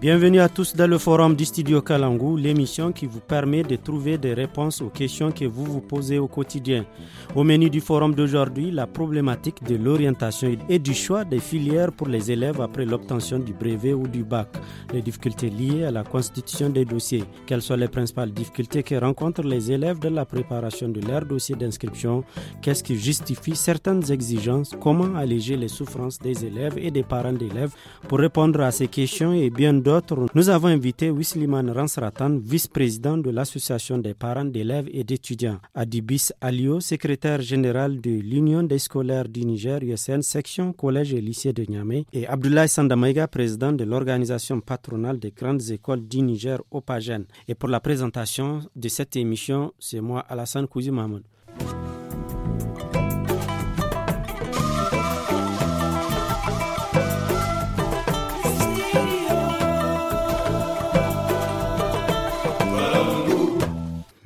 Bienvenue à tous dans le forum du Studio Kalangou, l'émission qui vous permet de trouver des réponses aux questions que vous vous posez au quotidien. Au menu du forum d'aujourd'hui, la problématique de l'orientation et du choix des filières pour les élèves après l'obtention du brevet ou du bac, les difficultés liées à la constitution des dossiers, quelles sont les principales difficultés que rencontrent les élèves dans la préparation de leur dossier d'inscription, qu'est-ce qui justifie certaines exigences, comment alléger les souffrances des élèves et des parents d'élèves. Pour répondre à ces questions et bien d'autres, nous avons invité Wisliman Ransratan, vice-président de l'Association des parents d'élèves et d'étudiants, Adibis Alio, secrétaire général de l'Union des scolaires du Niger, USN, section collège et lycée de Niamey, et Abdoulaye Sandamaïga, président de l'organisation patronale des grandes écoles du Niger, OPAGEN. Et pour la présentation de cette émission, c'est moi, Alassane Kouzi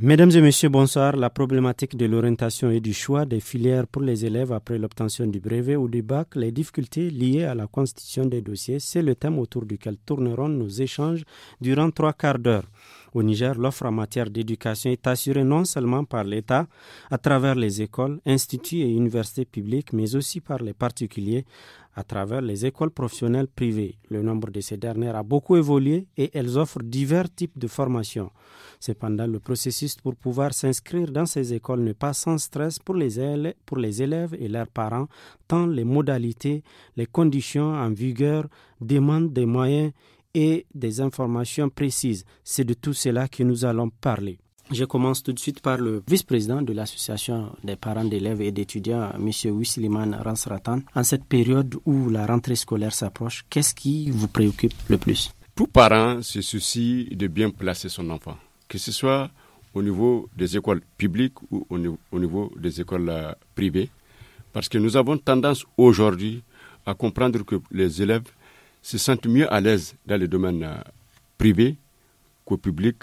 Mesdames et messieurs, bonsoir. La problématique de l'orientation et du choix des filières pour les élèves après l'obtention du brevet ou du bac, les difficultés liées à la constitution des dossiers, c'est le thème autour duquel tourneront nos échanges durant trois quarts d'heure. Au Niger, l'offre en matière d'éducation est assurée non seulement par l'État, à travers les écoles, instituts et universités publiques, mais aussi par les particuliers, à travers les écoles professionnelles privées. Le nombre de ces dernières a beaucoup évolué et elles offrent divers types de formations. Cependant, le processus pour pouvoir s'inscrire dans ces écoles n'est pas sans stress pour les, élèves, pour les élèves et leurs parents, tant les modalités, les conditions en vigueur demandent des moyens et des informations précises. C'est de tout cela que nous allons parler. Je commence tout de suite par le vice-président de l'association des parents d'élèves et d'étudiants, M. Wissliman Ransratan. En cette période où la rentrée scolaire s'approche, qu'est-ce qui vous préoccupe le plus Tout parent se soucie de bien placer son enfant, que ce soit au niveau des écoles publiques ou au niveau, des écoles euh, privées, parce que nous avons tendance aujourd'hui à comprendre que les élèves se sentent mieux à l'aise dans les domaines euh, privés qu'au public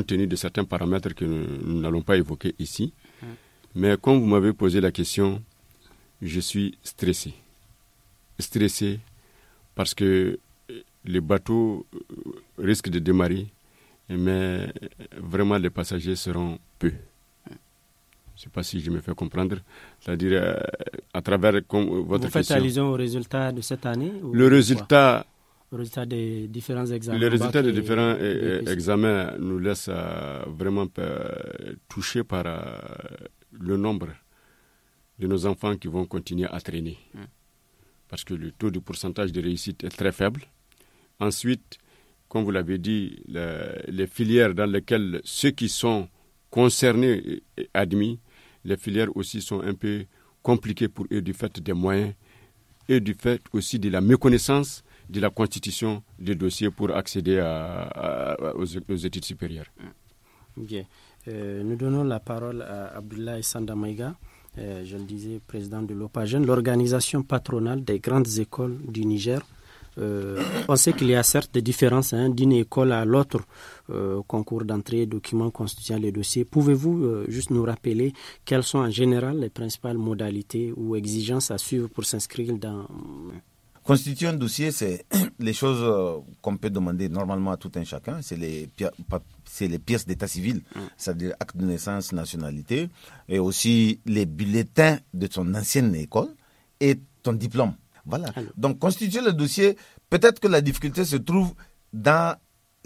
compte tenu de certains paramètres que nous n'allons pas évoquer ici. Hein. Mais quand vous m'avez posé la question, je suis stressé. Stressé parce que euh, les bateaux euh, risquent de démarrer, mais euh, vraiment les passagers seront peu. Je ne sais pas si je me fais comprendre. C'est-à-dire, à travers votre Vous faites allusion au résultat de cette année ou Le résultat le résultat des différents examens. Euh, euh, nous laisse euh, vraiment toucher par le nombre de nos enfants qui vont continuer à traîner. Hmm. Parce que le taux de pourcentage de réussite est très faible. Ensuite, comme vous l'avez dit, les filières dans lesquelles ceux qui sont concernés et admis, les filières aussi sont un peu compliquées pour eux du fait des moyens et du fait aussi de la méconnaissance de la constitution des dossiers pour accéder à, aux, études supérieures. Bien. Mm. Euh, nous donnons la parole à Abdullah Sandamaïga, euh, je le disais, président de l'OPAGEN, l'organisation patronale des grandes écoles du Niger. Euh, on sait qu'il y a certes des différences hein, d'une école à l'autre, concours d'entrée, documents constituant les dossiers. Pouvez-vous juste nous rappeler quelles sont en général les principales modalités ou exigences à suivre pour s'inscrire dans Constituer un dossier, c'est les choses euh, qu'on peut demander normalement à tout un chacun. C'est les, les, pièces d'état civil, c'est-à-dire mm. acte de naissance, nationalité, et aussi les bulletins de ton ancienne école et ton diplôme. Voilà. Donc, constituer le dossier, peut-être que la difficulté se trouve dans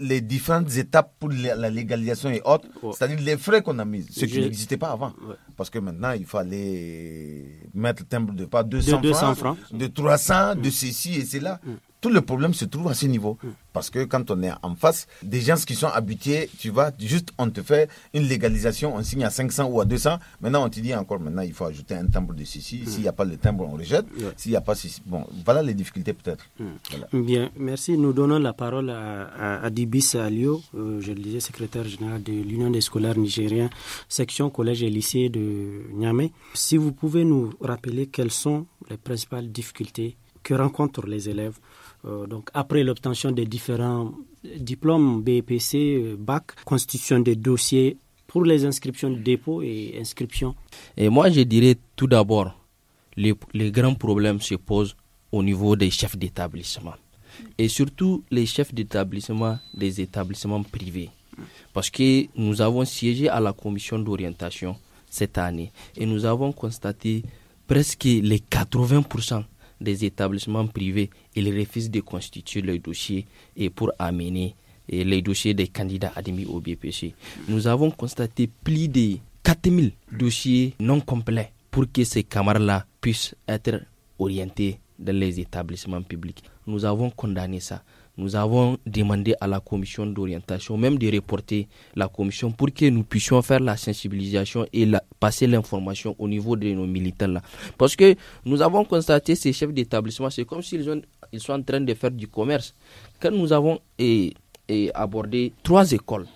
les différentes étapes pour la légalisation et autres, c'est-à-dire les frais qu'on a mis, ce qui n'existait pas avant. Parce que maintenant, il fallait mettre le timbre de pas 200, de 200 francs, de 300, de ceci et cela. Mm. Tout le problème se trouve à ce niveau. Mm. Parce que quand on est en face, des gens qui sont habitués, tu vois, juste on te fait une légalisation, on signe à 500 ou à 200. Maintenant, on te dit encore, maintenant, il faut ajouter un timbre de ceci. Mm. S'il n'y a pas le timbre, on rejette. S'il n'y a pas ceci. Bon, voilà les difficultés peut-être. Mm. Bien, merci. Nous donnons la parole à, à Alio, euh, je le disais, secrétaire général de l'Union des scolaires nigériens, section collège et lycée de Niamey. Si vous pouvez nous rappeler quelles sont les principales difficultés que rencontrent les élèves euh, donc après l'obtention des différents diplômes BPC, euh, BAC, constitution des dossiers pour les inscriptions de dépôt et inscriptions. Et moi, je dirais tout d'abord, les, les grands problèmes se posent au niveau des chefs d'établissement et surtout les chefs d'établissement des établissements privés. Parce que nous avons siégé à la commission d'orientation cette année et nous avons constaté presque les 80% des établissements privés, ils refusent de constituer leurs dossiers et eh, pour amener eh, les dossiers des candidats admis au BPC. Nous avons constaté plus de 4000 dossiers non complets pour que ces camarades-là puissent être orientés dans les établissements publics. Nous avons condamné ça. Nous avons demandé à la commission d'orientation même de reporter la commission pour que nous puissions faire la sensibilisation et passer l'information au niveau de nos militants là. Parce que nous avons constaté ces chefs d'établissement, c'est comme s'ils ils sont en train de faire du commerce. Quand nous avons eh, eh, abordé trois écoles,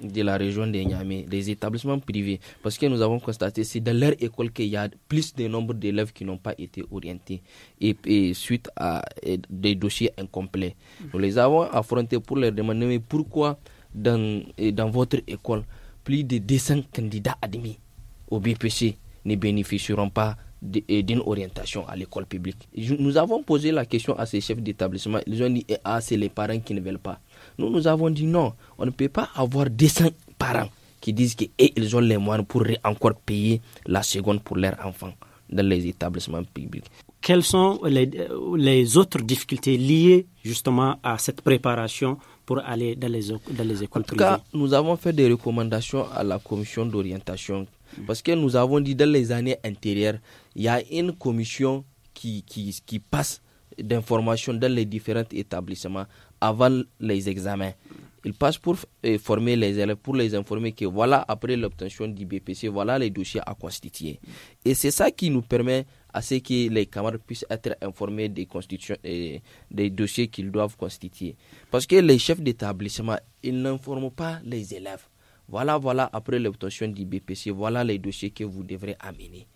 de la région de Niamey, des établissements privés, parce que nous avons constaté c'est dans leur école qu'il y a plus de nombre d'élèves qui n'ont pas été orientés et, suite à des dossiers incomplets. Nous les avons affrontés pour leur demander mais pourquoi dans, dans votre école, plus de 200 candidats admis au BPC ne bénéficieront pas d'une orientation à l'école publique. Nous avons posé la question à ces chefs d'établissement. Ils ont dit, ah, c'est les parents qui ne veulent pas. Nous, nous avons dit non, on ne peut pas avoir 200 parents qui disent qu'ils ont les moyens pour encore payer la seconde pour leurs enfants dans les établissements publics. Quelles sont les, euh, autres difficultés liées justement à cette préparation pour aller dans les, dans les écoles en tout Cas, nous avons fait des recommandations à la commission d'orientation mm. parce que nous avons dit dans les années antérieures, il y a une commission qui, qui, qui passe d'informations dans les différents établissements avant les examens. Ils passent pour euh, former les élèves, pour les informer que voilà, après l'obtention du BPC, voilà les dossiers à constituer. Et c'est ça qui nous permet à ce que les camarades puissent être informés des, euh, des dossiers qu'ils doivent constituer. Parce que les chefs d'établissement, ils n'informent pas les élèves. Voilà, voilà, après l'obtention du BPC, voilà les dossiers que vous devrez amener.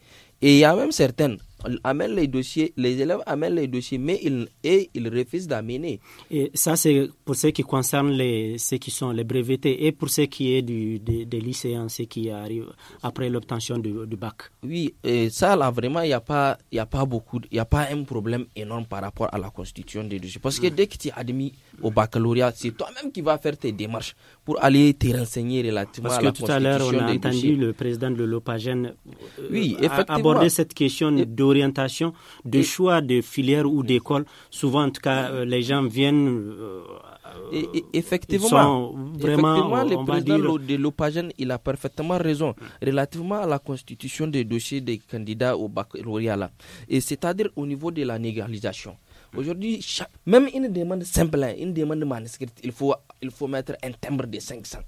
Et il y a même certaines amènent les dossiers, les élèves amènent les dossiers, mais ils, et ils refusent d'amener. Et ça, c'est pour ce qui concerne les, ceux qui sont les brevetés et pour ce qui est du, des, lycéens, ceux qui arrivent après l'obtention du, du, bac. Oui, et ça, là, vraiment, il n'y a, pas, y a pas beaucoup, il n'y a pas un problème énorme par rapport à la constitution des dossiers. Parce que mm. dès que tu es admis au baccalauréat, c'est toi-même qui vas faire tes démarches pour aller te renseigner relativement à la constitution Parce que tout à l'heure, on a entendu le président de l'OPAGEN euh, euh, aborder cette question de d'orientation, de choix de filière ou mm. d'école. Souvent, en cas, euh, les gens viennent. Euh, effectivement, vraiment, le président de l'Opagène, il a parfaitement raison mm. relativement à la constitution des dossiers des candidats au baccalauréat. Et c'est-à-dire au niveau de la négalisation. Mm. Aujourd'hui, même une demande simple, hein, une demande manuscrite, il faut, il faut mettre un timbre de 500.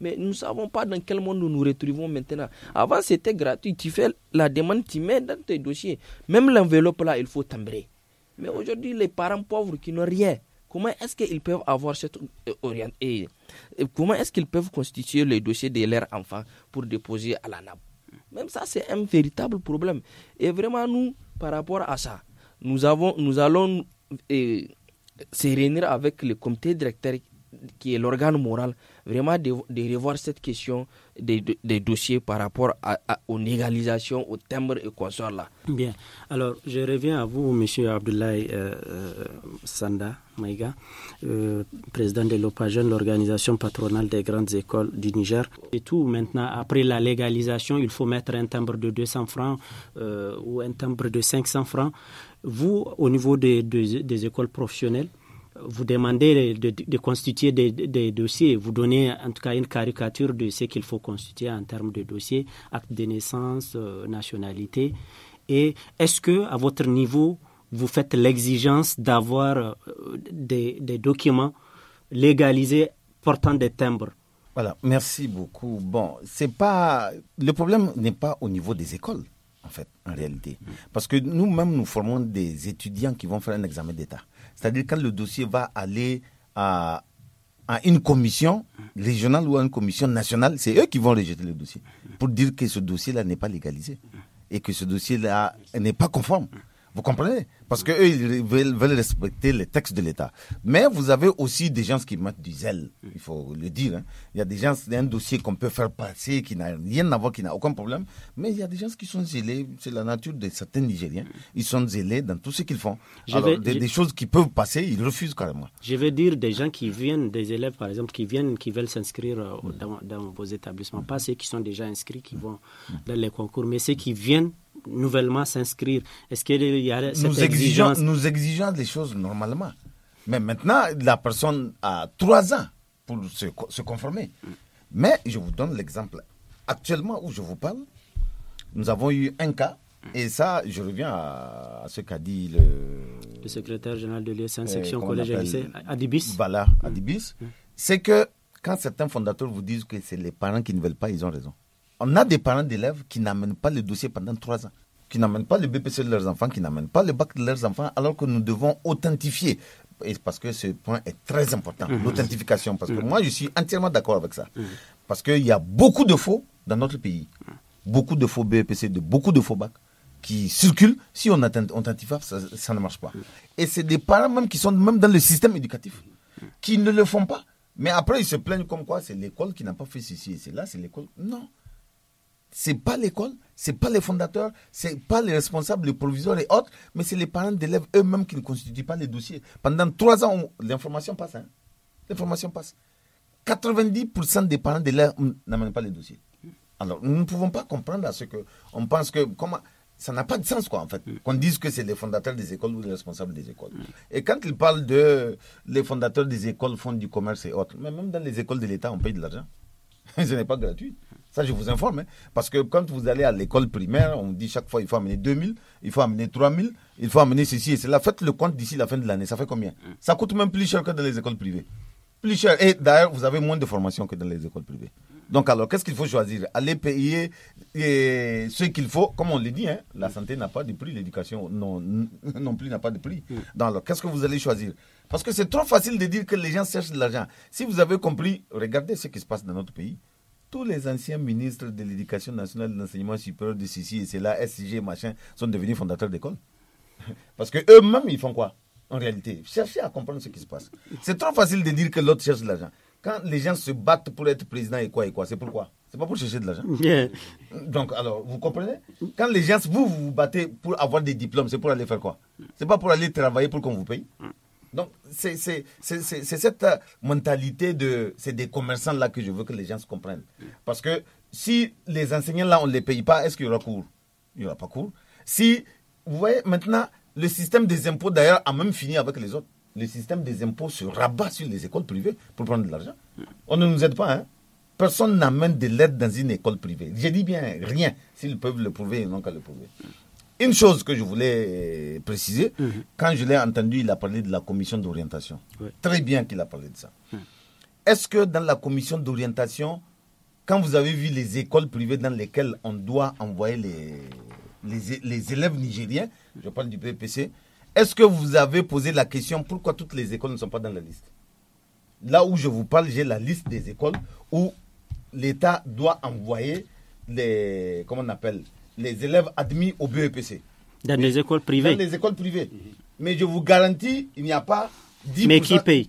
Mais nous ne savons pas dans quel monde nous nous retrouvons maintenant. Avant, c'était gratuit. Tu fais la demande, tu mets dans tes dossiers. Même l'enveloppe là, il faut timbrer. Mais aujourd'hui, les parents pauvres qui n'ont rien, comment est-ce qu'ils peuvent avoir cette euh, orientation Comment est-ce qu'ils peuvent constituer le dossier de leurs enfants pour déposer à la NAP Même ça, c'est un véritable problème. Et vraiment, nous, par rapport à ça, nous, avons, nous allons se réunir avec le comité directeur qui est l'organe moral vraiment de, revoir cette question des, dossiers par rapport à, aux légalisations, aux timbres et là. Bien. Alors, je reviens à vous, Monsieur Abdoulaye euh, euh, Sanda Maïga, euh, président de l'OPAGEN, l'organisation patronale des grandes écoles du Niger. Et tout maintenant, après la légalisation, il faut mettre un timbre de 200 francs ou un timbre de 500 francs. Vous, au niveau des, des écoles professionnelles, vous demandez de, constituer des, dossiers, vous donnez en tout cas une caricature de ce qu'il faut constituer en termes de dossiers, acte de naissance, euh, nationalité. Et est-ce que, à votre niveau, vous faites l'exigence d'avoir euh, des, des, documents légalisés portant des timbres Voilà, merci beaucoup. Bon, c'est pas le problème n'est pas au niveau des écoles, en fait, en réalité, mm. parce que nous-mêmes nous formons des étudiants qui vont faire un examen d'État. C'est-à-dire quand le dossier va aller à, à une commission régionale ou à une commission nationale, c'est eux qui vont rejeter le dossier pour dire que ce dossier-là n'est pas légalisé et que ce dossier-là n'est pas conforme. Vous comprenez Parce que ils veulent, respecter les textes de l'État. Mais vous avez aussi des gens qui mettent du zèle, il faut le dire. Hein. Il y a des gens, c'est un dossier qu'on peut faire passer, qui n'a rien à voir, qui n'a aucun problème. Mais il y a des gens qui sont zélés, c'est la nature de certains Nigériens. Ils sont zélés dans tout ce qu'ils font. Alors, des, choses qui peuvent passer, ils refusent carrément. Je veux dire des gens qui viennent, des élèves par exemple, qui viennent, qui veulent s'inscrire euh, dans, dans, vos établissements. Pas ceux qui sont déjà inscrits, qui vont dans les concours, mais ceux qui viennent nouvellement s'inscrire Est-ce qu'il y a cette nous exigence Nous exigeons des choses normalement. Mais maintenant, la personne a trois ans pour se, conformer. Mais je vous donne l'exemple. Actuellement où je vous parle, nous avons eu un cas, et ça, je reviens à, ce qu'a dit le... Le secrétaire général de l'ESN, euh, section collège et lycée, Adibis. Mm. Mm. C'est que quand certains fondateurs vous disent que c'est les parents qui ne veulent pas, ils ont raison. On a des parents d'élèves qui n'amènent pas le dossier pendant trois ans, qui n'amènent pas le BPC de leurs enfants, qui n'amènent pas le bac de leurs enfants, alors que nous devons authentifier. Et parce que ce point est très important, mmh. l'authentification. Parce que mmh. moi, je suis entièrement d'accord avec ça. parce mmh. Parce qu'il y a beaucoup de faux dans notre pays. Beaucoup de faux BPC, de beaucoup de faux bacs qui circulent. Si on authentifie, ça, ça ne marche pas. Et c'est des parents même qui sont même dans le système éducatif, qui ne le font pas. Mais après, ils se plaignent comme quoi c'est l'école qui n'a pas fait ceci et c'est là, c'est l'école. Non c'est pas l'école, c'est pas les fondateurs, c'est pas les responsables, les proviseurs et autres, mais c'est les parents d'élèves eux-mêmes qui ne constituent pas les dossiers. Pendant trois ans, l'information passe. Hein. L'information passe. 90% des parents d'élèves n'amènent pas les dossiers. Alors, nous ne pouvons pas comprendre à ce que on pense que comment ça n'a pas de sens quoi en fait qu'on dise que c'est les fondateurs des écoles ou les responsables des écoles. Et quand ils parlent de les fondateurs des écoles font du commerce et autres, mais même dans les écoles de l'État, on paye de l'argent. ce n'est pas gratuit. Ça, je vous informe. Hein. Parce que quand vous allez à l'école primaire, on dit chaque fois il faut amener 2000, il faut amener 3000, il faut amener ceci et cela. Faites le compte d'ici la fin de l'année. Ça fait combien hein. Ça coûte même plus cher que dans les écoles privées. Plus cher. Et d'ailleurs, vous avez moins de formation que dans les écoles privées. Donc, alors, qu'est-ce qu'il faut choisir Aller payer ce qu'il faut, comme on le dit, hein, la santé n'a pas de prix, l'éducation non, non plus n'a pas de prix. Donc, alors, qu'est-ce que vous allez choisir parce que c'est trop facile de dire que les gens cherchent de l'argent. Si vous avez compris, regardez ce qui se passe dans notre pays. Tous les anciens ministres de l'éducation nationale, de l'enseignement supérieur, de Sisi et cela, SIG, machin, sont devenus fondateurs d'école. Parce que eux-mêmes, ils font quoi En réalité, cherchez à comprendre ce qui se passe. C'est trop facile de dire que l'autre cherche de l'argent. Quand les gens se battent pour être président et quoi et quoi, c'est pourquoi c'est pas pour chercher de l'argent. Donc, alors, vous comprenez Quand les gens, vous, vous, vous battez pour avoir des diplômes, c'est pour aller faire quoi C'est pas pour aller travailler pour qu'on vous paye donc, c'est cette euh, mentalité de. C'est des commerçants-là que je veux que les gens se comprennent. Parce que si les enseignants-là, on ne les paye pas, est-ce qu'il y aura cours Il n'y aura pas cours. Si. Vous voyez, maintenant, le système des impôts, d'ailleurs, a même fini avec les autres. Le système des impôts se rabat sur les écoles privées pour prendre de l'argent. On ne nous aide pas, hein. Personne n'amène de l'aide dans une école privée. J'ai dit bien rien. S'ils peuvent le prouver, ils n'ont qu'à le prouver. Une chose que je voulais préciser, mhm. quand je l'ai entendu, il a parlé de la commission d'orientation. Très bien qu'il a parlé de ça. Mhm. Est-ce que dans la commission d'orientation, quand vous avez vu les écoles privées dans lesquelles on doit envoyer les, les, les élèves nigériens, je parle du PPC, est-ce que vous avez posé la question pourquoi toutes les écoles ne sont pas dans la liste Là où je vous parle, j'ai la liste des écoles où l'État doit envoyer les, comment on appelle, les élèves admis au BEPC. Dans les écoles privées Dans les écoles privées. Mais je vous garantis, il n'y a pas 10%. Mais qui paye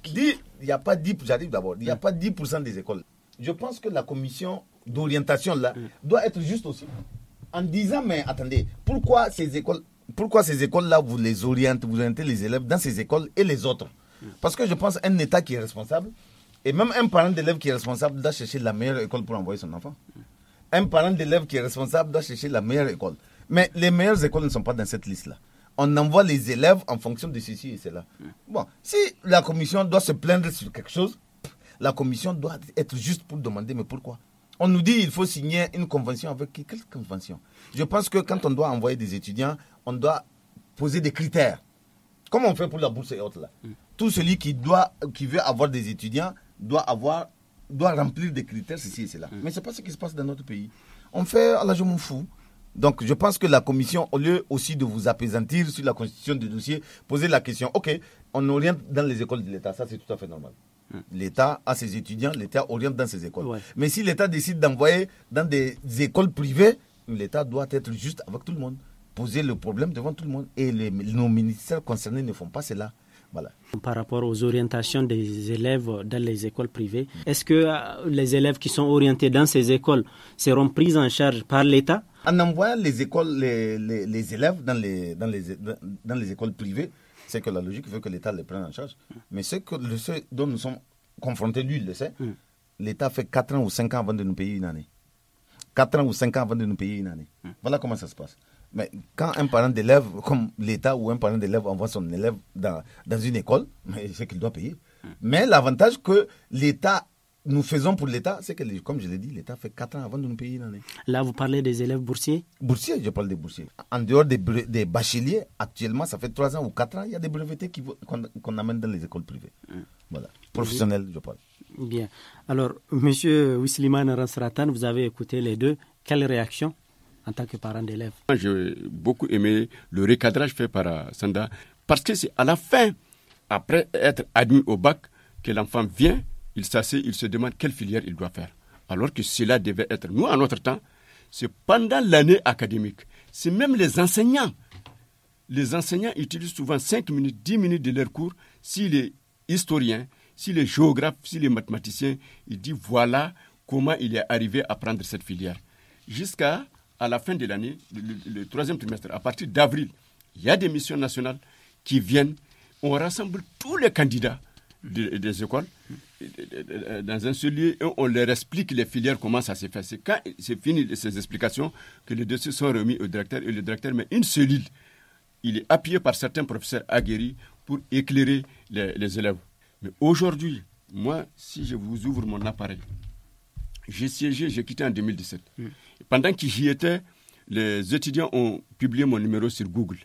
Il n'y a pas 10%, j'arrive d'abord, il n'y a pas 10% des écoles. Je pense que la commission d'orientation là mm. doit être juste aussi. En disant, mais attendez, pourquoi ces écoles pourquoi ces écoles-là, vous les orientez, vous orientez les élèves dans ces écoles et les autres Parce que je pense qu'un État qui est responsable, et même un parent d'élève qui est responsable, doit chercher la meilleure école pour envoyer son enfant. Un parent d'élève qui est responsable doit chercher la meilleure école. Mais les meilleures écoles ne sont pas dans cette liste-là. On envoie les élèves en fonction de ceci et cela. Bon, si la commission doit se plaindre sur quelque chose, la commission doit être juste pour demander, mais pourquoi on nous dit qu'il faut signer une convention avec qui Quelle convention Je pense que quand on doit envoyer des étudiants, on doit poser des critères. Comme on fait pour la bourse et autres là. Mm. Tout celui qui, doit, qui veut avoir des étudiants doit avoir doit remplir des critères, ceci et cela. Mm. Mais ce n'est pas ce qui se passe dans notre pays. On fait, ah, à je m'en fous. Donc, je pense que la commission, au lieu aussi de vous apaisantir sur la constitution du dossier, poser la question OK, on oriente dans les écoles de l'État, ça c'est tout à fait normal. Mm. L'État a ses étudiants, l'État oriente dans ses écoles. Mais si l'État décide d'envoyer dans des écoles privées, l'État doit être juste avec tout le monde, poser le problème devant tout le monde. Et les, nos ministères concernés ne font pas cela. Par rapport aux orientations des élèves dans les écoles privées, est-ce que euh, les élèves qui sont orientés dans ces écoles seront pris en charge par l'État En envoyant les écoles, les, élèves dans les, les, dans les écoles privées, c'est que la logique veut que l'État les prenne en charge. Mais ce, que, ce dont nous sommes confrontés, lui, il le sait, hmm. l'État fait 4 ans ou 5 ans avant de nous payer une année. 4 ans ou 5 ans avant de nous payer une année. Hmm. Voilà comment ça se passe. Mais quand un parent d'élève, comme l'État ou un parent d'élève envoie son élève dans, une école, c'est qu'il doit payer. Hmm. Mais l'avantage que l'État nous faisons pour l'État, c'est que, comme je l'ai dit, l'État fait quatre ans avant de nous payer l'année. Là, vous parlez des élèves boursiers Boursiers, je parle des boursiers. En dehors des, des bacheliers, actuellement, ça fait trois ans ou quatre ans, il y a des brevetés qu'on amène dans les écoles privées. Hmm. Voilà, professionnels, je parle. Bien. Alors, monsieur Wisliman Ransratan, vous avez écouté les deux. Quelle réaction en tant que parent d'élève J'ai beaucoup aimé le recadrage fait par euh, Sanda parce que c'est à la fin, après être admis au bac, que l'enfant vient, il s'assied, il se demande quelle filière il doit faire. Alors que cela devait être, nous, en notre temps, c'est pendant l'année académique. C'est même les enseignants. Les enseignants utilisent souvent 5 minutes, 10 minutes de leur cours. si les historiens, si les géographes, si les mathématiciens, ils disent voilà comment il est arrivé à prendre cette filière. Jusqu'à à la fin de l'année, le, troisième trimestre, à partir d'avril, il y a des missions nationales qui viennent. On rassemble tous les candidats des écoles dans un seul lieu et on leur explique les filières, comment ça s'est fait. C'est quand c'est fini ces explications que les dossiers sont remis au directeur et le directeur met une cellule. Il est appuyé par certains professeurs aguerris pour éclairer les élèves. Mais aujourd'hui, moi, si je vous ouvre mon appareil, j'ai siégé, j'ai quitté en 2017. Mm. Pendant que j'y étais, les étudiants ont publié mon numéro sur Google.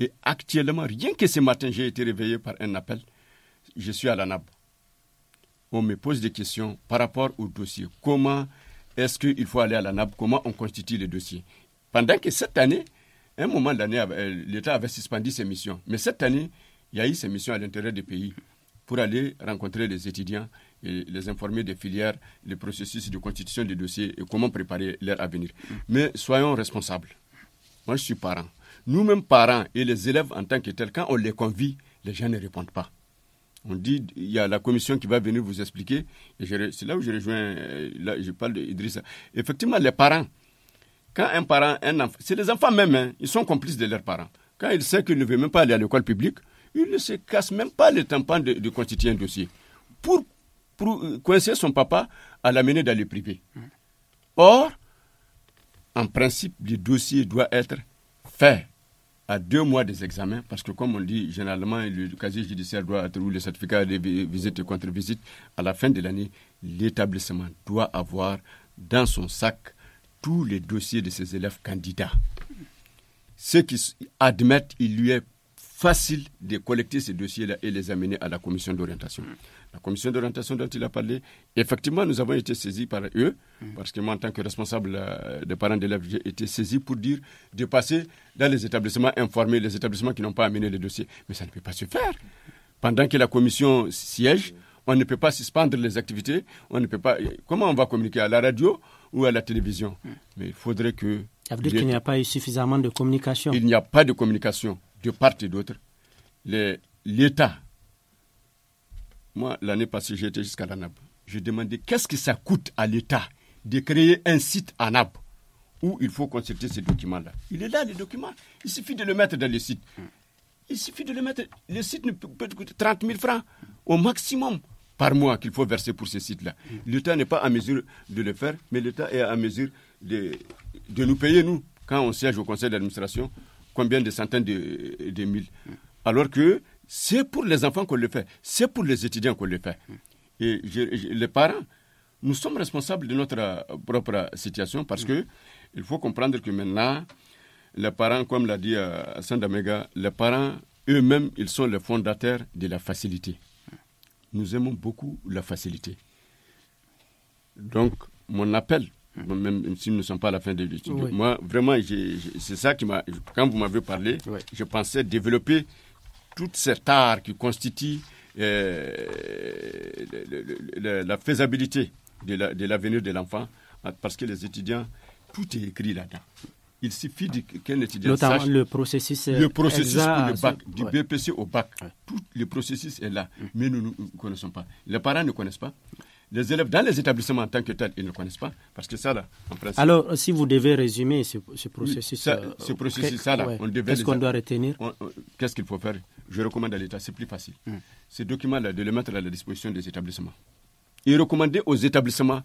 Et actuellement, rien que ce matin, j'ai été réveillé par un appel. Je suis à la NAB. On me pose des questions par rapport au dossier. Comment est-ce qu'il faut aller à la NAB Comment on constitue le dossiers? Pendant que cette année, un moment d'année, euh, l'État avait suspendu ses missions. Mais cette année, il y a eu ses missions à l'intérieur du pays pour aller rencontrer les étudiants et les informer des filières, les processus de constitution des dossiers et comment préparer leur avenir. Mais soyons responsables. Moi, je suis parent. Nous-mêmes, parents et les élèves en tant que tels, quand on les convie, les gens ne répondent pas. On dit, il y a la commission qui va venir vous expliquer. C'est là où je rejoins, euh, là, je parle d'Idrissa. Effectivement, les parents, quand un parent, un enfant, c'est les enfants même, hein, ils sont complices de leurs parents. Quand ils savent qu'ils ne veulent même pas aller à l'école publique, ils ne se cassent même pas le tampon de, de constituer un dossier. Pour pour euh, coincer son papa à l'amener dans le privé. Or, en principe, le dossier doit être fait à deux mois des examens, parce que comme on dit, généralement, le casier judiciaire doit être, ou le certificat de visite et contre-visite, à la fin de l'année, l'établissement doit avoir dans son sac tous les dossiers de ses élèves candidats. Ceux qui admettent, il lui est facile de collecter ces dossiers-là et les amener à la commission d'orientation. Mm. La commission d'orientation dont il a parlé, effectivement, nous avons été saisis par eux, mm. parce que moi, en tant que responsable euh, des parents d'élèves, j'ai été saisi pour dire de passer dans les établissements informés, les établissements qui n'ont pas amené les dossiers. Mais ça ne peut pas se faire. Pendant que la commission siège, on ne peut pas suspendre les activités, on ne peut pas. Euh, comment on va communiquer à la radio ou à la télévision mm. Mais il faudrait que. Ça veut dire qu'il n'y a pas eu suffisamment de communication. Il n'y a pas de communication de part et d'autre, l'État. Moi, l'année passée, j'étais jusqu'à l'ANAB. J'ai demandé qu'est-ce que ça coûte à l'État de créer un site ANAB où il faut consulter ces documents-là. Il est là, les documents. Il suffit de le mettre dans le site. Il suffit de le mettre. Le site ne peut, coûter 30 000 francs au maximum par mois qu'il faut verser pour ces sites là L'État n'est pas en mesure de le faire, mais l'État est en mesure de, de nous payer, nous, quand on siège au conseil d'administration combien de centaines de, de mille. Alors que c'est pour les enfants qu'on le fait, c'est pour les étudiants qu'on le fait. Et les parents, nous sommes responsables de notre euh, propre situation parce que il faut comprendre que maintenant, les parents, comme l'a dit euh, Sandamega, les parents eux-mêmes, ils sont les fondateurs de la facilité. Nous aimons beaucoup la facilité. Donc, mon appel même si nous ne sommes pas à la fin de l'étude. Moi, vraiment, c'est ça qui m'a. Quand vous m'avez parlé, je pensais développer tout cet art qui constitue euh, la faisabilité de l'avenir de l'enfant, ah, parce que les étudiants, tout est écrit là-dedans. Il suffit qu'un étudiant sache le processus, euh, le processus le bac, du BPC au bac. Tout le processus est là, mais nous ne connaissons pas. Les parents ne connaissent pas les élèves dans les établissements en tant que tels, ils ne connaissent pas, parce que ça, là, en principe... Alors, si vous devez résumer ce, processus... ce processus, euh, là, on devait... Qu'est-ce qu'on doit retenir Qu'est-ce qu'il faut faire Je recommande à l'État, c'est plus facile. Mm. Ces documents-là, de les mettre à la disposition des établissements. Et recommander aux établissements...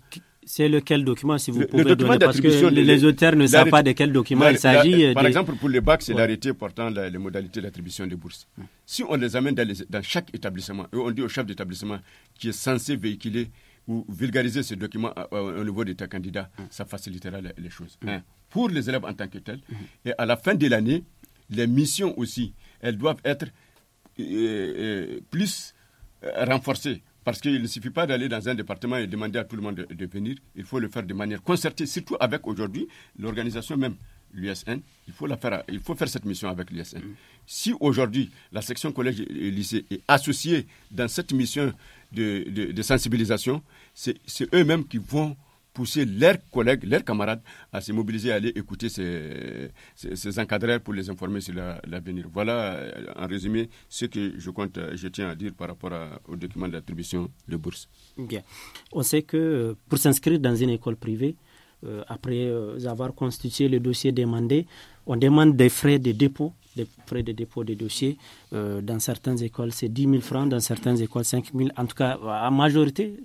C'est lequel document, si vous pouvez donner, parce que les, auteurs ne savent pas de quel document il s'agit. Euh, par exemple, pour les bacs, c'est l'arrêté portant les modalités d'attribution des bourses. Si on les amène dans, dans chaque établissement, et on dit au chef d'établissement qui est censé véhiculer ou vulgariser ces documents au niveau de tes candidats, hein. ça facilitera les, choses. Hein. Hein. pour les élèves en tant que tels, et à la fin de l'année, les missions aussi, elles doivent être euh, euh, plus euh, renforcées. Parce qu'il ne suffit pas d'aller dans un département et demander à tout le monde de, venir. Il faut le faire de manière concertée, surtout avec aujourd'hui l'organisation même l'USN, il faut, la faire, il faut faire cette mission avec l'USN. Si aujourd'hui la section collège et lycée est associée dans cette mission de, sensibilisation, c'est eux-mêmes qui vont pousser leurs collègues, leurs camarades à se mobiliser, à aller écouter ces, ces, encadreurs pour les informer sur l'avenir. voilà, euh, en résumé, ce que je compte, euh, je tiens à dire par rapport au document d'attribution de bourse. Bien. On sait que euh, pour s'inscrire dans une école privée, après avoir constitué le dossier demandé, on demande des frais de dépôt les frais de dépôt des dossiers. Euh, dans certaines écoles, c'est 10 000 francs, dans certaines écoles, 5 000. En tout cas, à majorité,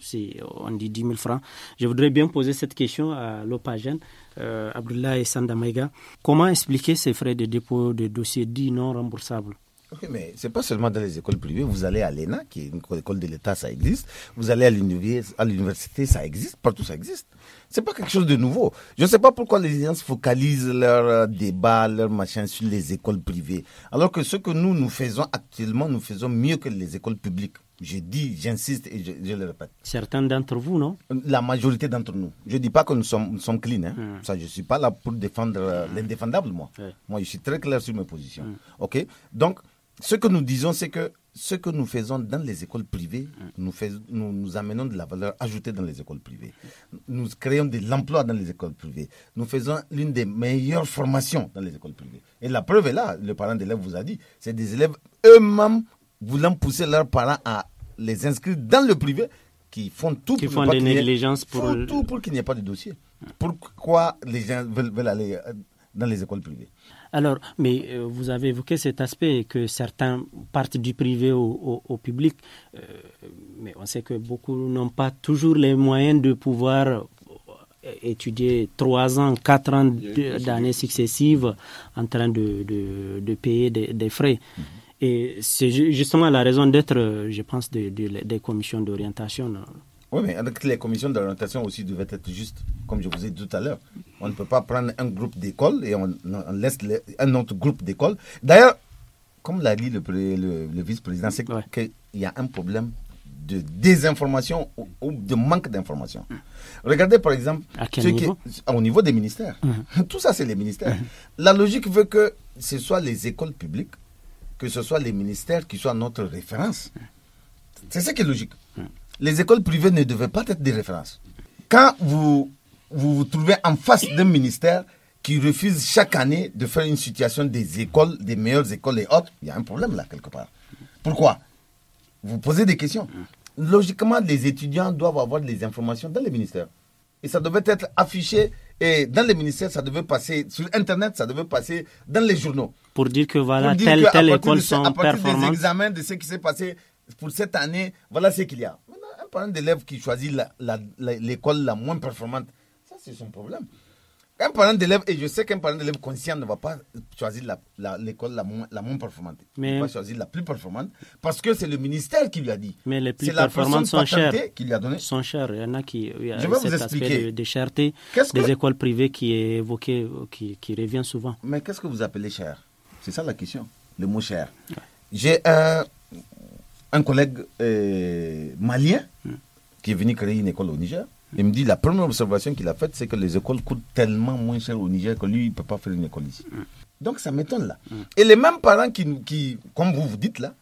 on dit 10 000 francs. Je voudrais bien poser cette question à l'OPAGEN, euh, Abdullah et Sandaméga Comment expliquer ces frais de dépôt des dossiers dits non remboursables mais c'est pas seulement dans les écoles privées. Vous allez à l'ENA, qui est une école de l'État, ça existe. Vous allez à l'université, ça existe. Partout, ça existe. C'est pas quelque chose de nouveau. Je ne sais pas pourquoi les gens focalisent leur euh, débats, leur machin sur les écoles privées. Alors que ce que nous, nous faisons actuellement, nous faisons mieux que les écoles publiques. Je dis, j'insiste et je, le répète. Certains d'entre vous, non La majorité d'entre nous. Je ne dis pas que nous sommes, clean. Hein. Hmm. Ça, je ne suis pas là pour défendre euh, hmm. l'indéfendable, moi. Moi, je suis très clair sur mes positions. Hmm. OK Donc, ce que nous disons, c'est que ce que nous faisons dans les écoles privées, nous, nous, nous, amenons de la valeur ajoutée dans les écoles privées. Nous créons de l'emploi dans les écoles privées. Nous faisons l'une des meilleures formations dans les écoles privées. Et la preuve est là, le parent d'élève vous a dit, c'est des élèves eux-mêmes voulant pousser leurs parents à les inscrire dans le privé qui font tout pour qu'il n'y ait pas de dossier. Pourquoi les gens veulent aller euh, dans les écoles privées alors, mais euh, vous avez évoqué cet aspect que certains partent du privé au, public, euh, mais on sait que beaucoup n'ont pas toujours les moyens de pouvoir euh, étudier trois ans, quatre ans d'années successives en train de, payer des, frais. Mhm. Et c'est justement la raison d'être, je pense, des commissions d'orientation oui, mais avec les commissions d'orientation aussi devaient être justes, comme je vous ai dit tout à l'heure. On ne peut pas prendre un groupe d'écoles et on, laisse un autre groupe d'écoles. D'ailleurs, comme l'a dit le, vice-président, c'est qu'il y a un problème de désinformation ou, de manque d'information. Regardez par exemple au niveau des ministères. Hum. Tout ça, c'est les ministères. Hum. La logique veut que ce soit les écoles publiques, que ce soit les ministères qui soient notre référence. Hum. C'est ça qui est logique les écoles privées ne devaient pas être des références. Quand vous vous, trouvez en face d'un ministère qui refuse chaque année de faire une situation des écoles, des meilleures écoles et autres, il y a un problème là quelque part. Pourquoi Vous posez des questions. Logiquement, les étudiants doivent avoir des informations dans les ministères. Et ça devait être affiché et dans les ministères, ça devait passer sur Internet, ça devait passer dans les journaux. Pour dire que voilà, telle, telle école sont performantes. partir des examens de ce qui s'est passé pour cette année, voilà ce qu'il y a parent d'élève qui choisit l'école la, moins performante, ça c'est son problème. Un parent d'élève, et je sais qu'un parent d'élève conscient ne va pas choisir l'école la, moins, performante. Mais... Il va choisir la plus performante parce que c'est le ministère qui lui a dit. Mais les plus performantes sont chères. Qui a donné. sont chères. Il y en a qui. Il je cet vous expliquer. De, de des écoles privées qui est évoqué, qui, revient souvent. Mais qu'est-ce que vous appelez cher C'est ça la question, le mot cher. J'ai un. Euh, un collègue euh, malien qui est venu créer une école au Niger. Hmm. Il me dit la première observation qu'il a faite, c'est que les écoles coûtent tellement moins cher au Niger que lui, il ne peut pas faire une école ici. Hmm. Donc ça m'étonne là. Hmm. Et les mêmes parents qui, qui comme vous vous dites là,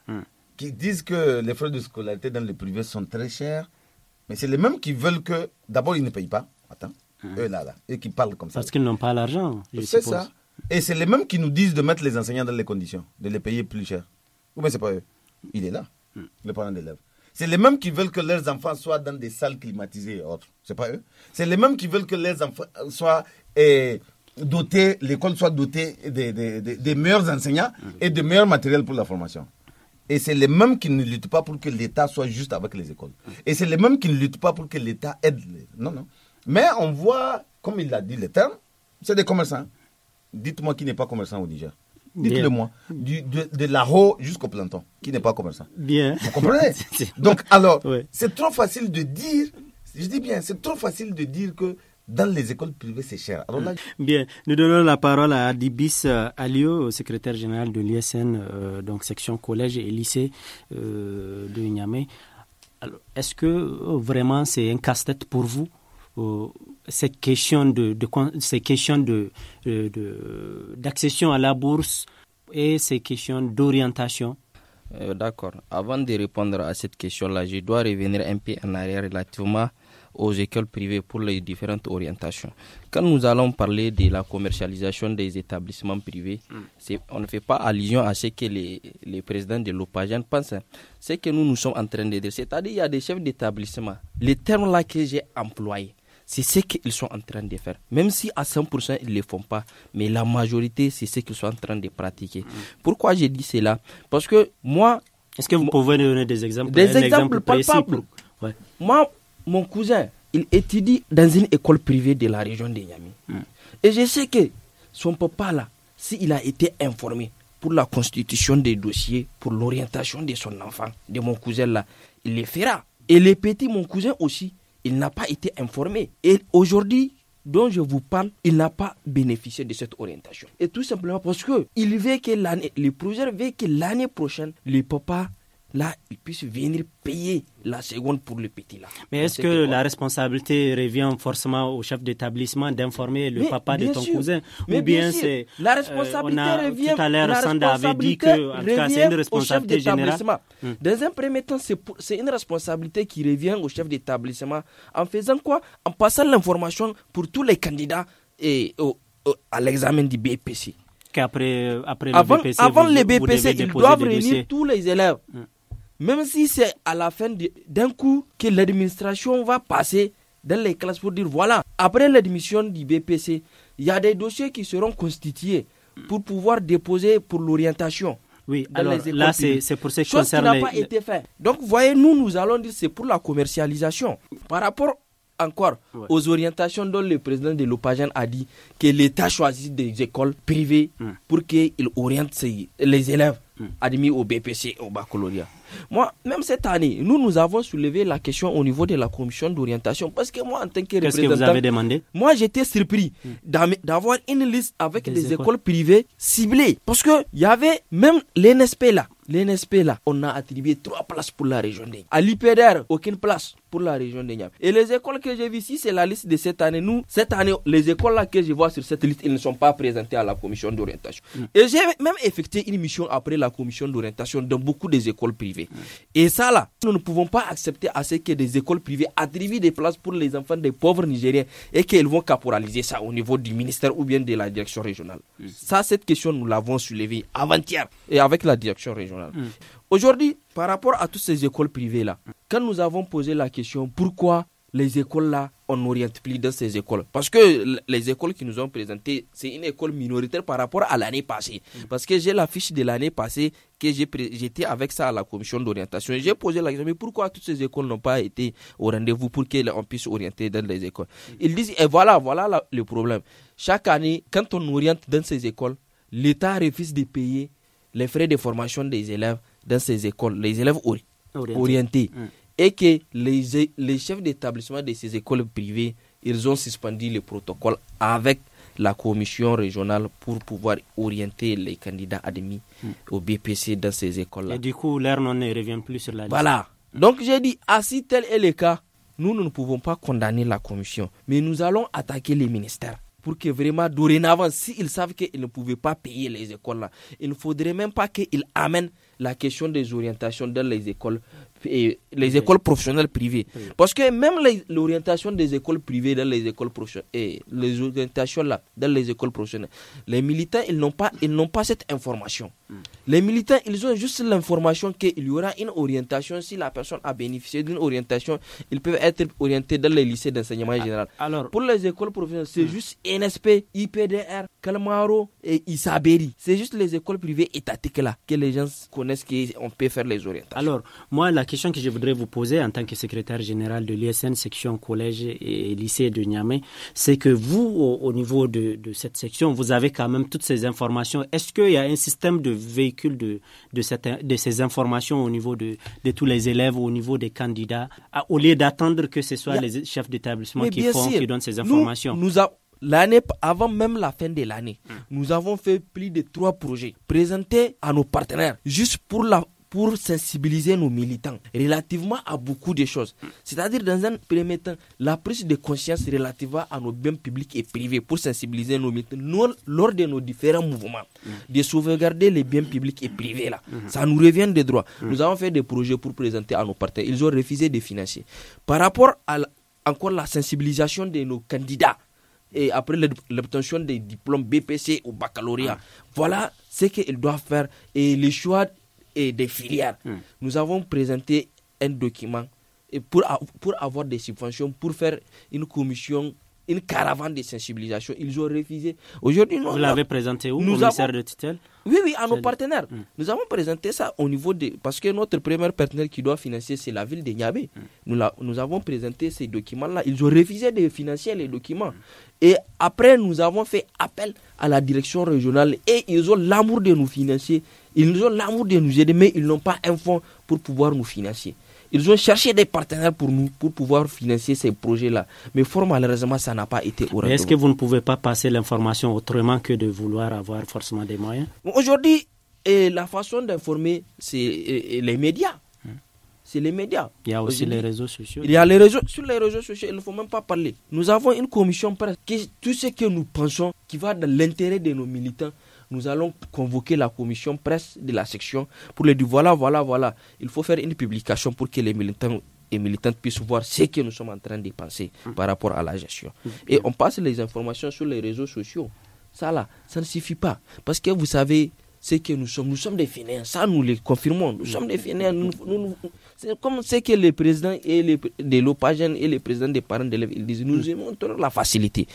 qui disent que les frais de scolarité dans les privé sont très chers, mais c'est les mêmes qui veulent que, d'abord, ils ne payent pas. Attends, eux là, là, eux qui parlent comme ça. Parce qu'ils n'ont pas l'argent. C'est ça. Et c'est les mêmes qui nous disent de mettre les enseignants dans les conditions, de les payer plus cher. Mais c'est pas eux. Il est là. Hmm. Les parents d'élèves. C'est les mêmes qui veulent que leurs enfants soient dans des salles climatisées et autres. C'est pas eux. C'est les mêmes qui veulent que leurs enfants euh, soient euh, dotés, l'école soit dotée des de, de, de meilleurs enseignants hmm. et de meilleurs matériels pour la formation. Et c'est les mêmes qui ne luttent pas pour que l'État soit juste avec les écoles. Hmm. Et c'est les mêmes qui ne luttent pas pour que l'État aide les... Non, non. Mais on voit, comme il a dit le terme, c'est des commerçants. Dites-moi qui n'est pas commerçant au Niger. Dites-le moi. de, de haut jusqu'au planton, qui n'est pas comme ça. Bien. Vous comprenez Donc, alors, c'est trop facile de dire, je dis bien, c'est trop facile de dire que dans les écoles privées, c'est cher. Mm. Bien, nous donnons la parole à Adibis euh, Alio, secrétaire général de l'ISN, euh, donc section collège et lycée euh, de Niamey. Est-ce que vraiment c'est un casse-tête pour vous cette question de, de ces questions euh, de, d'accession à la bourse et ces questions d'orientation euh, D'accord. Avant de répondre à cette question-là, je dois revenir un peu en arrière relativement aux écoles privées pour les différentes orientations. Quand nous allons parler de la commercialisation des établissements privés, mm. on ne fait pas allusion à ce que les, les présidents de l'OPAGEN pensent. Ce que nous nous sommes en train de dire, c'est-à-dire il y a des chefs d'établissement. Les termes là que j'ai employés, c'est ce qu'ils sont en train de faire. Même si à 100%, ils ne le font pas. Mais la majorité, c'est ce qu'ils sont en train de pratiquer. Mm. Pourquoi j'ai dit cela Parce que moi... Est-ce que vous pouvez donner des exemples Des exemples, exemple Moi, mon cousin, il étudie dans une école privée de la région de Niamey. Mm. Et je sais que son papa, là, s'il a été informé pour la constitution des dossiers, pour l'orientation de son enfant, de mon cousin, là, il le fera. Et les petits, mon cousin aussi, il n'a pas été informé. Et aujourd'hui, dont je vous parle, il n'a pas bénéficié de cette orientation. Et tout simplement parce que il veut que l'année, le projet veut que l'année prochaine, les papa là, il puisse venir payer la seconde pour le petit là. Mais est-ce que la responsabilité revient forcément au chef d'établissement d'informer le papa de ton cousin Ou bien, c'est. La euh, responsabilité a, Tout à dit que, c'est responsabilité générale. Hmm. Dans un premier temps, c'est une responsabilité qui revient au chef d'établissement en faisant quoi En passant l'information pour tous les candidats et, au, à l'examen du BPC. Euh, après, avant, le BPC, avant BPC, ils doivent réunir tous les élèves. Hmm. Même si c'est à la fin d'un coup que l'administration va passer dans les classes pour dire voilà, après l'admission du BPC, il y a des dossiers qui seront constitués pour pouvoir déposer pour l'orientation. Oui, alors là, c'est pour ces qui Chose Ça qui n'a pas été fait. Donc, voyez, nous, nous allons dire c'est pour la commercialisation. Par rapport encore aux orientations dont le président de l'OPAGEN a dit que l'État choisit des écoles privées hmm. pour qu'il oriente les élèves hmm. admis au BPC au baccalauréat. Moi, même cette année, nous, nous avons soulevé la question au niveau de la commission d'orientation. Parce que moi, en tant que représentant... Moi, j'étais surpris hmm. d'avoir une liste avec des, écoles. privées ciblées. Parce qu'il y avait même l'NSP là. L'NSP là, on a attribué trois places pour la région des À l'IPDR, aucune place pour la région de Et les écoles que j'ai vues ici, c'est la liste de cette année. Nous, cette année, les écoles là que je vois sur cette liste, elles ne sont pas présentées à la commission d'orientation. Hmm. Et j'ai même effectué une mission après la commission d'orientation dans beaucoup des écoles privées. Et ça, là, nous ne pouvons pas accepter à ce que des écoles privées attribuent des places pour les enfants des pauvres Nigériens et qu'elles vont caporaliser ça au niveau du ministère ou bien de la direction régionale. Ça, cette question, nous l'avons soulevée avant-hier et avec la direction régionale. Hmm. Aujourd'hui, par rapport à toutes ces écoles privées-là, quand nous avons posé la question pourquoi les écoles là, on n'oriente plus dans ces écoles. Parce que les écoles qui nous ont présentées, c'est une école minoritaire par rapport à l'année passée. Mm. Parce que j'ai la fiche de l'année passée que j'étais avec ça à la commission d'orientation. J'ai posé la question, mais pourquoi toutes ces écoles n'ont pas été au rendez-vous pour qu'on puisse orienter dans les écoles mm. Ils disent, et voilà, voilà le problème. Chaque année, quand on oriente dans ces écoles, l'État refuse de payer les frais de formation des élèves dans ces écoles, les élèves orientés. Mm et que les, les chefs d'établissement de ces écoles privées, ils ont suspendu le protocole avec la commission régionale pour pouvoir orienter les candidats admis hmm. au BPC dans ces écoles-là. Et du coup, l'air n'en revient plus sur la Voilà. Donc j'ai dit, ah, si tel est le cas, nous, nous ne pouvons pas condamner la commission, mais nous allons attaquer les ministères pour que vraiment, dorénavant, s'ils savent qu'ils ne pouvaient pas payer les écoles-là, il ne faudrait même pas qu'ils amènent la question des orientations dans les écoles et les écoles professionnelles privées. Parce que même l'orientation des écoles privées dans les écoles professionnelles, et les orientations là, dans les écoles professionnelles, les militants, ils n'ont pas, ils n'ont pas cette information. Hmm. Les militants, ils ont juste l'information qu'il y aura une orientation. Si la personne a bénéficié d'une orientation, ils peuvent être orientés dans les lycées d'enseignement général. Alors, pour les écoles professionnelles, c'est hmm. juste NSP, IPDR, Calmaro et Isaberi. C'est juste les écoles privées étatiques là que les gens connaissent qu'on peut faire les orientations. Alors, moi, la question que je voudrais vous poser en tant que secrétaire général de l'ISN section collège et lycée de Niamey, c'est que vous, au, niveau de, cette section, vous avez quand même toutes ces informations. Est-ce qu'il y a un système de véhicule de, de, ces informations au niveau de, tous les élèves, au niveau des candidats, au lieu d'attendre que ce soit les chefs d'établissement qui font, qui donnent ces informations Nous, l'année avant même la fin de l'année, hmm. nous avons fait plus de trois projets présentés à nos partenaires juste pour la pour sensibiliser nos militants relativement à beaucoup de choses. C'est-à-dire, dans un premier temps, la prise de conscience relativement à nos biens publics et privés pour sensibiliser nos militants lors de nos différents mouvements, mm. de sauvegarder les biens publics et privés. là. Mm-hmm. Ça nous revient des droits. Mm. Nous avons fait des projets pour présenter à nos partenaires. Ils ont refusé de financer. Par rapport à encore la sensibilisation de nos candidats et après l'obtention des diplômes BPC ou baccalauréat, ah. voilà ce qu'ils doivent faire et les choix des filières. Hmm. Nous avons présenté un document pour, pour avoir des subventions, pour faire une commission une caravane de sensibilisation. Ils ont refusé. Aujourd'hui, Vous l'avez présenté où Nous au ministère de tutelle Oui, oui, à nos partenaires. Hmm. Nous avons présenté ça au niveau de. Parce que notre premier partenaire qui doit financer, c'est la ville de Niamey. Hmm. Nous, la... nous avons présenté ces documents-là. Ils ont refusé de financer les documents. Et après, nous avons fait appel à la direction régionale et ils ont l'amour de nous financer ils ont l'amour de nous aider, mais ils n'ont pas un fonds pour pouvoir nous financer. Ils ont cherché des partenaires pour nous, pour pouvoir financer ces projets-là. Mais fort malheureusement, ça n'a pas été Est-ce que vous ne pouvez pas passer l'information autrement que de vouloir avoir forcément des moyens Aujourd'hui, la façon d'informer, c'est les médias hmm. c'est les médias. Il y a aussi les réseaux sociaux. Il y a les réseaux. Sur les réseaux sociaux, il ne faut même pas parler. Nous avons une commission presse qui, tout ce que nous pensons qui va dans l'intérêt de nos militants, nous allons convoquer la commission presse de la section pour lui dire voilà, voilà, voilà, il faut faire une publication pour que les militants et militantes puissent voir ce que nous sommes en train de penser mm. par rapport à la gestion. Mm. Et on passe les informations sur les réseaux sociaux. Ça là, ça ne suffit pas. Parce que vous savez, c'est que nous sommes. Nous sommes des fénéens. ça nous le confirmons. Nous sommes des fénéens. Nous, c'est comme ce que les présidents et les, de l'Opagène et les présidents des parents d'élèves ils disent. Nous mm. aimons la facilité.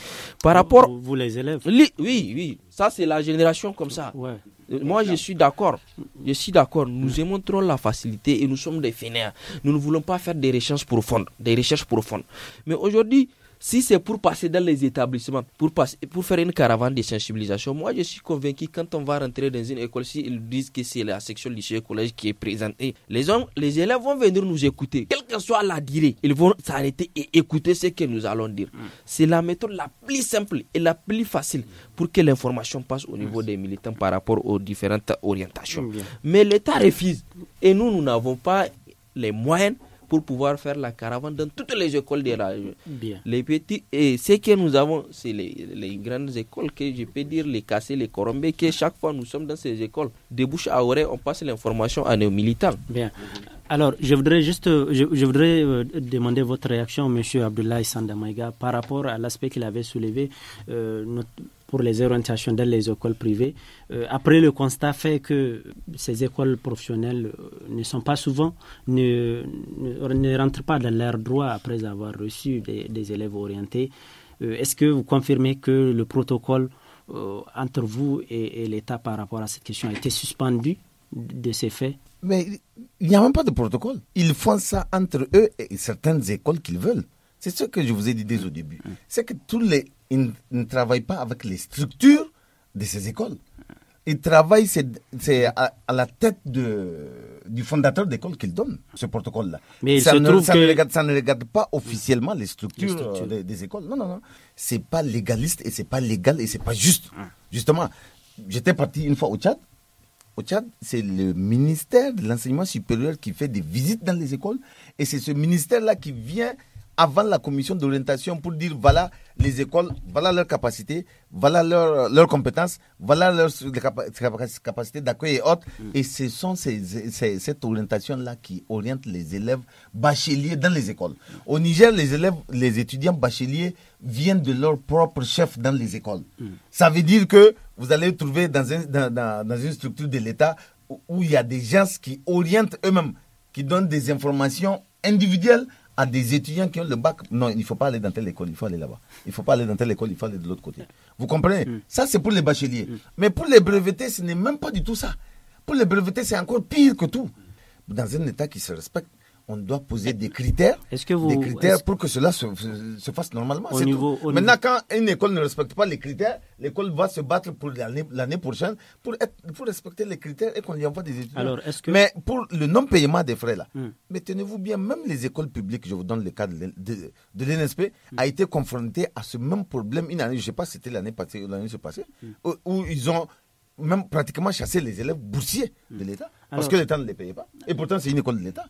Par rapport. Vous, les élèves Oui, oui. Ça, c'est la génération comme ça. Euh, moi, je suis d'accord. Je suis d'accord. Nous mm. aimons trop la facilité et nous sommes des fainéants. Nous ne voulons pas faire des recherches profondes. Des recherches profondes. Mais aujourd'hui, si c'est pour passer dans les établissements, pour, passer, pour faire une caravane de sensibilisation, moi je suis convaincu quand on va rentrer dans une école, s'ils ils disent que c'est la section lycée collège qui est présentée, les, les élèves vont venir nous écouter. Quelle que soit la durée, ils vont s'arrêter et écouter ce que nous allons dire. Hmm. C'est la méthode la plus simple et la plus facile hmm. pour que l'information passe au niveau des militants par rapport aux différentes orientations. Mais l'État refuse. Et nous, nous n'avons pas les moyens pour pouvoir faire la caravane dans toutes les écoles de la Les petits, et ce que nous avons, c'est les, grandes écoles que je peux dire, les casser les corombés, que chaque fois nous sommes dans ces écoles. De bouche à oreille, on passe l'information à nos militants. Bien. Alors, je voudrais juste je, voudrais euh, demander votre réaction, M. Abdullah Sandamaïga, par rapport à l'aspect qu'il avait soulevé. Euh, notre, pour les orientations dans les écoles privées. Euh, après, le constat fait que ces écoles professionnelles euh, ne sont pas souvent, ne, ne, rentrent pas dans leurs droits après avoir reçu des, élèves orientés. Euh, est-ce que vous confirmez que le protocole entre vous et, l'État par rapport à cette question a été suspendu de ces faits Mais il n'y a même pas de protocole. Ils font ça entre eux et certaines écoles qu'ils veulent. C'est ce que je vous ai dit dès au début. Hum. C'est que tous les, il ne travaille pas avec les structures de ces écoles. Il travaille c'est à, la tête de, du fondateur d'école qu'il donne ce protocole-là. Mais ça, ne, regarde, ne pas officiellement les structures, euh, Des, écoles. Non, non, non. C'est pas légaliste et c'est pas légal et c'est pas juste. Ah. Justement, j'étais parti une fois au Tchad. Au Tchad, c'est le ministère de l'enseignement supérieur qui fait des visites dans les écoles et c'est ce ministère-là qui vient avant la commission d'orientation pour dire voilà les écoles, voilà leurs capacités, voilà leurs leur compétences, voilà leurs capacités d'accueil et autres. Mm. Et ce sont ces, cette orientation-là qui oriente les élèves bacheliers dans les écoles. Mm. Au Niger, les élèves, les étudiants bacheliers viennent de leur propre chef dans les écoles. Mm. Ça veut dire que vous allez trouver dans, un, dans, dans une structure de l'État où il y a des gens qui orientent eux-mêmes, qui donnent des informations individuelles à des étudiants qui ont le bac. Non, il ne faut pas aller dans telle école, il faut aller là-bas. Il ne faut pas aller dans telle école, il faut aller de l'autre côté. Vous comprenez mm. Ça, c'est pour les bacheliers. Mm. Mais pour les brevetés, ce n'est même pas du tout ça. Pour les brevetés, c'est encore pire que tout. Dans un État qui se respecte, on doit poser des critères, critères pour que cela se, fasse normalement. Maintenant, quand une école ne respecte pas les critères, l'école va se battre pour l'année prochaine pour, pour respecter les critères et qu'on y envoie des étudiants. Mais pour le non-paiement des frais, là, hmm. mais tenez-vous bien, même les écoles publiques, je vous donne le cas de, de, l'NSP, hmm. a été confrontée à ce même problème une année, je ne sais pas si c'était l'année passée ou l'année passée, hmm. où, ils ont même pratiquement chassé les élèves boursiers de l'État, parce que l'État ne les payait pas. Et pourtant, c'est une école de l'État.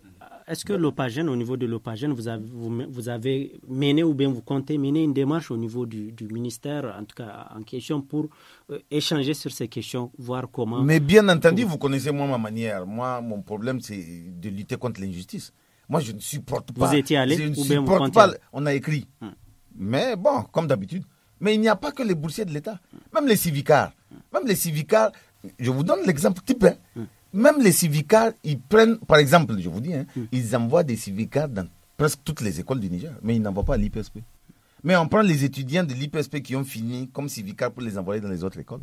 Est-ce que l'opagène, au niveau de l'opagène, vous avez, mené ou bien vous comptez mener une démarche au niveau du, ministère, en tout cas en question, pour euh, échanger sur ces questions, voir comment. Mais bien entendu, vous, connaissez moi ma manière. Moi, mon problème, c'est de lutter contre l'injustice. Moi, je ne supporte pas. Vous étiez allé ou bien vous pas, On a écrit. Hmm. Mais bon, comme d'habitude. Mais il n'y a pas que les boursiers de l'État. Même les civicards. Hmm. Même les civicards, je vous donne l'exemple type. Hein. Hmm même les civicards, ils prennent, par exemple, je vous dis, hein, hmm. ils envoient des civicards dans presque toutes les écoles du Niger, mais ils n'envoient pas à l'IPSP. Mais on prend les étudiants de l'IPSP qui ont fini comme civicards pour les envoyer dans les autres écoles.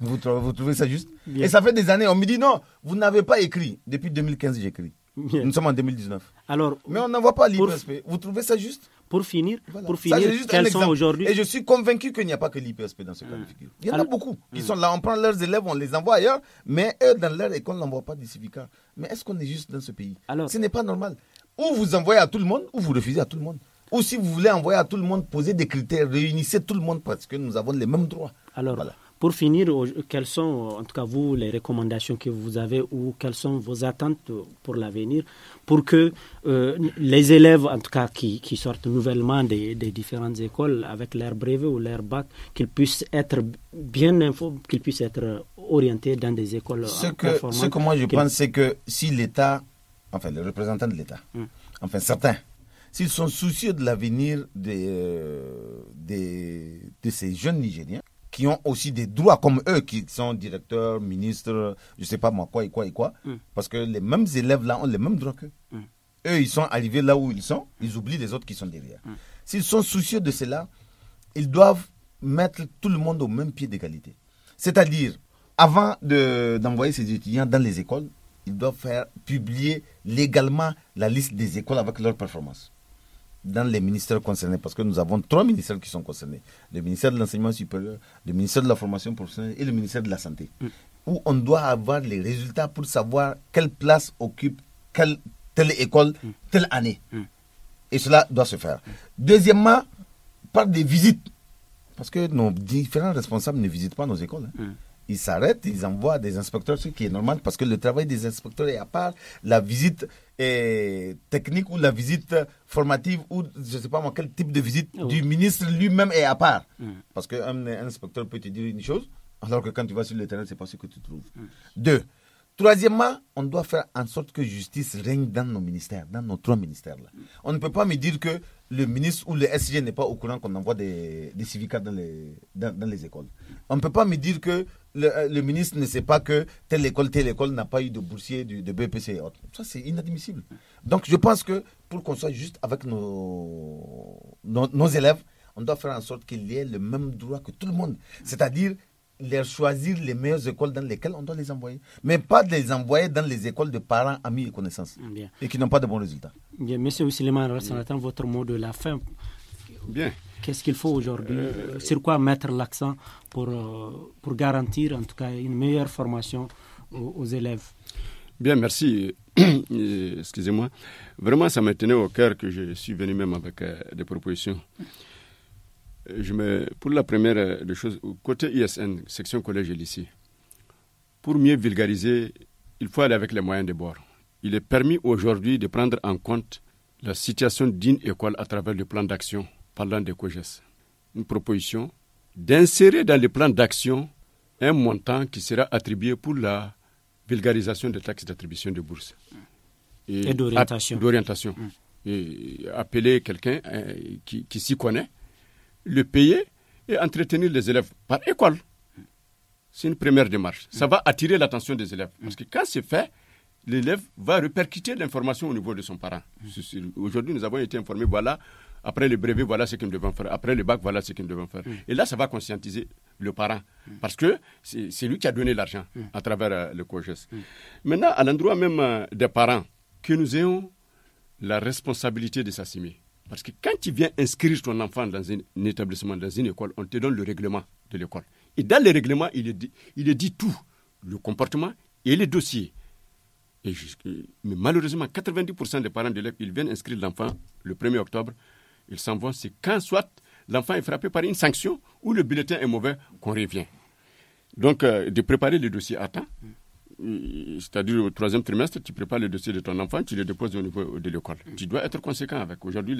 Vous, trouvez, ça juste Et ça fait des années, on me dit non, vous n'avez pas écrit. Depuis 2015, j'écris. Nous sommes en 2019. Alors, Mais on n'envoie voit pas l'IPSP. Vous trouvez ça juste pour finir, pour finir, ça, quels sont aujourd'hui Et je suis convaincu qu'il n'y a pas que l'IPSP dans ce cas de figure. Il y en a beaucoup qui hmm. sont là, on prend leurs élèves, on les envoie ailleurs, mais eux, dans leur école, on n'envoie pas des civicards. Mais est-ce qu'on est juste dans ce pays Alors, Ce n'est pas normal. Ou vous envoyez à tout le monde, ou vous refusez à tout le monde. Ou si vous voulez envoyer à tout le monde, posez des critères, réunissez tout le monde parce que nous avons les mêmes droits. Alors, voilà. Pour finir, quelles sont, en tout cas vous, les recommandations que vous avez ou quelles sont vos attentes pour l'avenir pour que euh, les élèves, en tout cas qui, sortent nouvellement des, différentes écoles avec leur brevet ou leur bac, qu'ils puissent être bien informés, qu'ils puissent être orientés dans des écoles ce que, Ce que moi je pense, c'est que si l'État, enfin les représentants de l'État, hum. enfin certains, s'ils sont soucieux de l'avenir des, euh, de ces jeunes Nigériens, qui ont aussi des droits comme eux, qui sont directeurs, ministres, je sais pas moi, quoi et quoi et quoi. Mm. Parce que les mêmes élèves là ont les mêmes droits qu'eux. Mm. Eux, ils sont arrivés là où ils sont, ils mm. oublient les autres qui sont derrière. S'ils sont soucieux de cela, ils doivent mettre tout le monde au même pied d'égalité. C'est-à-dire, avant d'envoyer ces étudiants dans les écoles, ils doivent faire publier légalement la liste des écoles avec leurs performances dans les ministères concernés, parce que nous avons trois ministères qui sont concernés. Le ministère de l'enseignement supérieur, le ministère de la formation professionnelle et le ministère de la santé, mm. où on doit avoir les résultats pour savoir quelle place occupe telle école, mm. telle année. Mm. Et cela doit se faire. Deuxièmement, par des visites, parce que nos différents responsables ne visitent pas nos écoles. Hein. ils s'arrêtent, ils envoient des inspecteurs, ce qui est normal parce que le travail des inspecteurs est à part. La visite et technique ou la visite formative ou je ne sais pas moi quel type de visite du ministre lui-même est à part. Mm. Parce qu'un inspecteur peut te dire une chose, alors que quand tu vas sur le terrain, c'est pas ce que tu trouves. Mm. Deux, Troisièmement, on doit faire en sorte que justice règne dans nos ministères, dans nos trois ministères. Là. On ne peut pas me dire que le ministre ou le SG n'est pas au courant qu'on envoie des, des dans les, écoles. On ne peut pas me dire que euh, le, ministre ne sait pas que telle école, telle école n'a pas eu de boursier de, BPC et autres. Ça, c'est inadmissible. Donc, je pense que pour qu'on soit juste avec nos élèves, on doit faire en sorte qu'il y ait le même droit que tout le monde. C'est-à-dire leur choisir les meilleures écoles dans lesquelles on doit les envoyer. Mais pas de les envoyer dans les écoles de parents, amis et connaissances. Ah, et qui n'ont pas de bons résultats. Bien, monsieur on attend votre mot de la fin. Bien. Qu'est-ce qu'il faut aujourd'hui euh, euh, Sur quoi mettre l'accent pour, euh, pour garantir en tout cas une meilleure formation aux, élèves Bien, merci. Excusez-moi. Vraiment, ça me tenait au cœur que je suis venu même avec des propositions. Euh, pour la première euh, des choses, côté ISN, section collège et lycée, pour mieux vulgariser, il faut aller avec les moyens de bord. Il est permis aujourd'hui de prendre en compte la situation d'une école à travers le plan d'action parlant de COGES. Une proposition d'insérer dans le plan d'action un montant qui sera attribué pour la vulgarisation des taxes d'attribution de bourses. Et, d'orientation. Et mmh. appeler quelqu'un euh, qui s'y connaît le payer et entretenir les élèves par école. C'est une première démarche. Ça mm. va attirer l'attention des élèves. Parce mm. que quand c'est fait, l'élève va repercuter l'information au niveau de son parent. Mm. Aujourd'hui, nous avons été informés, voilà, après le brevet, voilà ce qu'ils devons faire. Après le bac, voilà ce qu'ils devons faire. Et là, ça va conscientiser le parent. Parce que c'est lui qui a donné l'argent à travers euh, le COGES. Maintenant, à l'endroit même euh, des parents, que nous ayons la responsabilité de s'assumer. Parce que quand tu viens inscrire ton enfant dans un, établissement, dans une école, on te donne le règlement de l'école. Et dans le règlement, il est dit, tout, le comportement et les dossiers. mais malheureusement, 90% des parents d'élèves, ils viennent inscrire l'enfant le 1er octobre, ils s'en vont. C'est quand soit l'enfant est frappé par une sanction ou le bulletin est mauvais qu'on revient. Donc, euh, de préparer le dossier à temps, euh, c'est-à-dire au troisième trimestre, tu prépares le dossier de ton enfant, tu le déposes au niveau de l'école. Mm. Tu dois être conséquent avec. Aujourd'hui,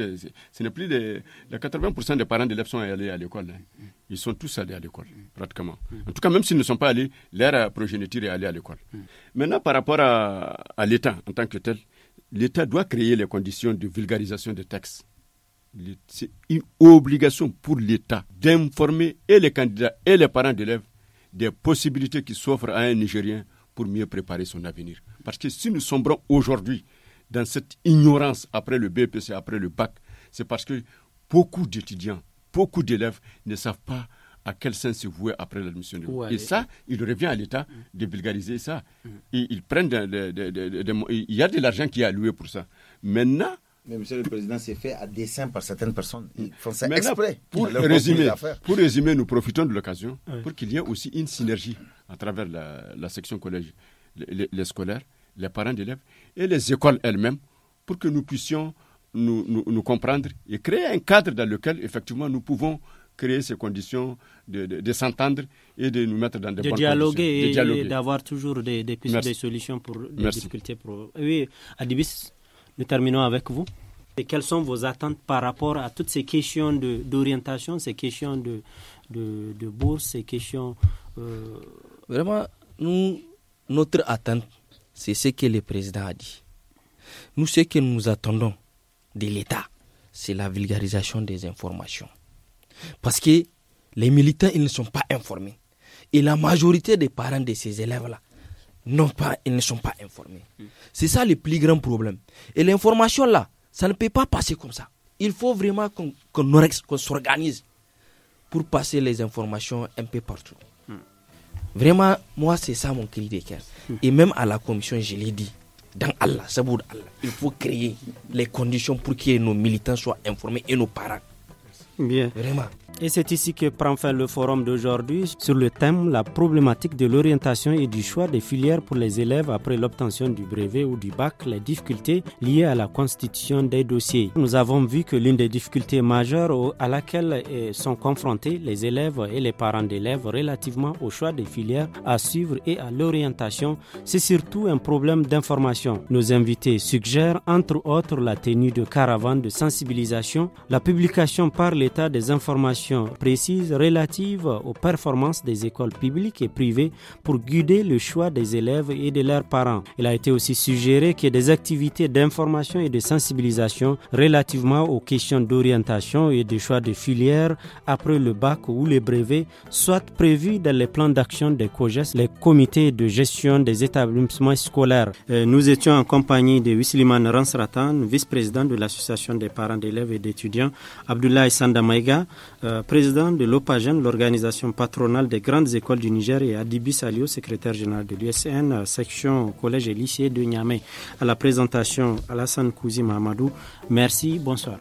ce n'est plus les, les 80% des parents d'élèves sont allés à l'école. Hein. Mm. Ils sont tous allés à l'école, mm. pratiquement. En tout cas, même s'ils ne sont pas allés, leur euh, progéniture est allée à l'école. Maintenant, par rapport à, à l'État en tant que tel, l'État doit créer les conditions de vulgarisation des textes. C'est une obligation pour l'État d'informer et les candidats et les parents d'élèves des possibilités qui s'offrent à un Nigérien pour mieux préparer son avenir. Parce que si nous sombrons aujourd'hui dans cette ignorance après le BPC, après le bac, c'est parce que beaucoup d'étudiants, beaucoup d'élèves ne savent pas à quel sens se vouer après l'admission. Et ça, il revient à l'État de vulgariser ça. Mm. Et il y a de l'argent qui est alloué pour ça. Maintenant, mais monsieur le président, c'est fait à dessein par certaines personnes. Ils font exprès. Pour résumer, pour résumer, nous profitons de l'occasion pour qu'il y ait aussi une synergie à travers la, section collège, les, scolaires, les parents d'élèves et les écoles elles-mêmes pour que nous puissions nous, nous, comprendre et créer un cadre dans lequel, effectivement, nous pouvons créer ces conditions de, de, s'entendre et de nous mettre dans des de bonnes De dialoguer et d'avoir toujours des, des, solutions pour les difficultés. Pour... Oui, Adibis, nous terminons avec vous. Et quelles sont vos attentes par rapport à toutes ces questions d'orientation, ces questions de, de, bourse, ces questions... Euh, Vraiment, nous, notre attente, c'est ce que le président a dit. Nous, ce que nous attendons de l'État, c'est la vulgarisation des informations. Parce que les militants, ils ne sont pas informés. Et la majorité des parents de ces élèves-là, non pas, ils ne sont pas informés. Hmm. C'est ça le plus grand problème. Et l'information là, ça ne peut pas passer comme ça. Il faut vraiment qu'on s'organise pour passer les informations un peu partout. Hmm. Vraiment, moi, c'est ça mon cri de cœur. Hmm. Et même à la commission, je l'ai dit, dans Allah, Allah, il faut créer les conditions pour que nos militants soient informés et nos parents. Bien. Vraiment. Et c'est ici que prend fin le forum d'aujourd'hui sur le thème La problématique de l'orientation et du choix des filières pour les élèves après l'obtention du brevet ou du bac, les difficultés liées à la constitution des dossiers. Nous avons vu que l'une des difficultés majeures à laquelle sont confrontés les élèves et les parents d'élèves relativement au choix des filières à suivre et à l'orientation, c'est surtout un problème d'information. Nos invités suggèrent entre autres la tenue de caravanes de sensibilisation, la publication par l'État des informations précise précises relatives aux performances des écoles publiques et privées pour guider le choix des élèves et de leurs parents. Il a été aussi suggéré que des activités d'information et de sensibilisation relativement aux questions d'orientation et de choix de filières après le bac ou les brevets soient prévues dans les plans d'action des COGES, les comités de gestion des établissements scolaires. Euh, nous étions en compagnie de Wisliman Ransratan, vice-président de l'Association des parents d'élèves et d'étudiants, Abdullah Sandamaïga, euh, euh, président de l'OPAGEN, l'organisation patronale des grandes écoles du Niger, et Adibi Salio, secrétaire général de l'USN, euh, section collège et lycée de Niamey. À la présentation, Alassane Kouzi Mahamadou. Merci, bonsoir.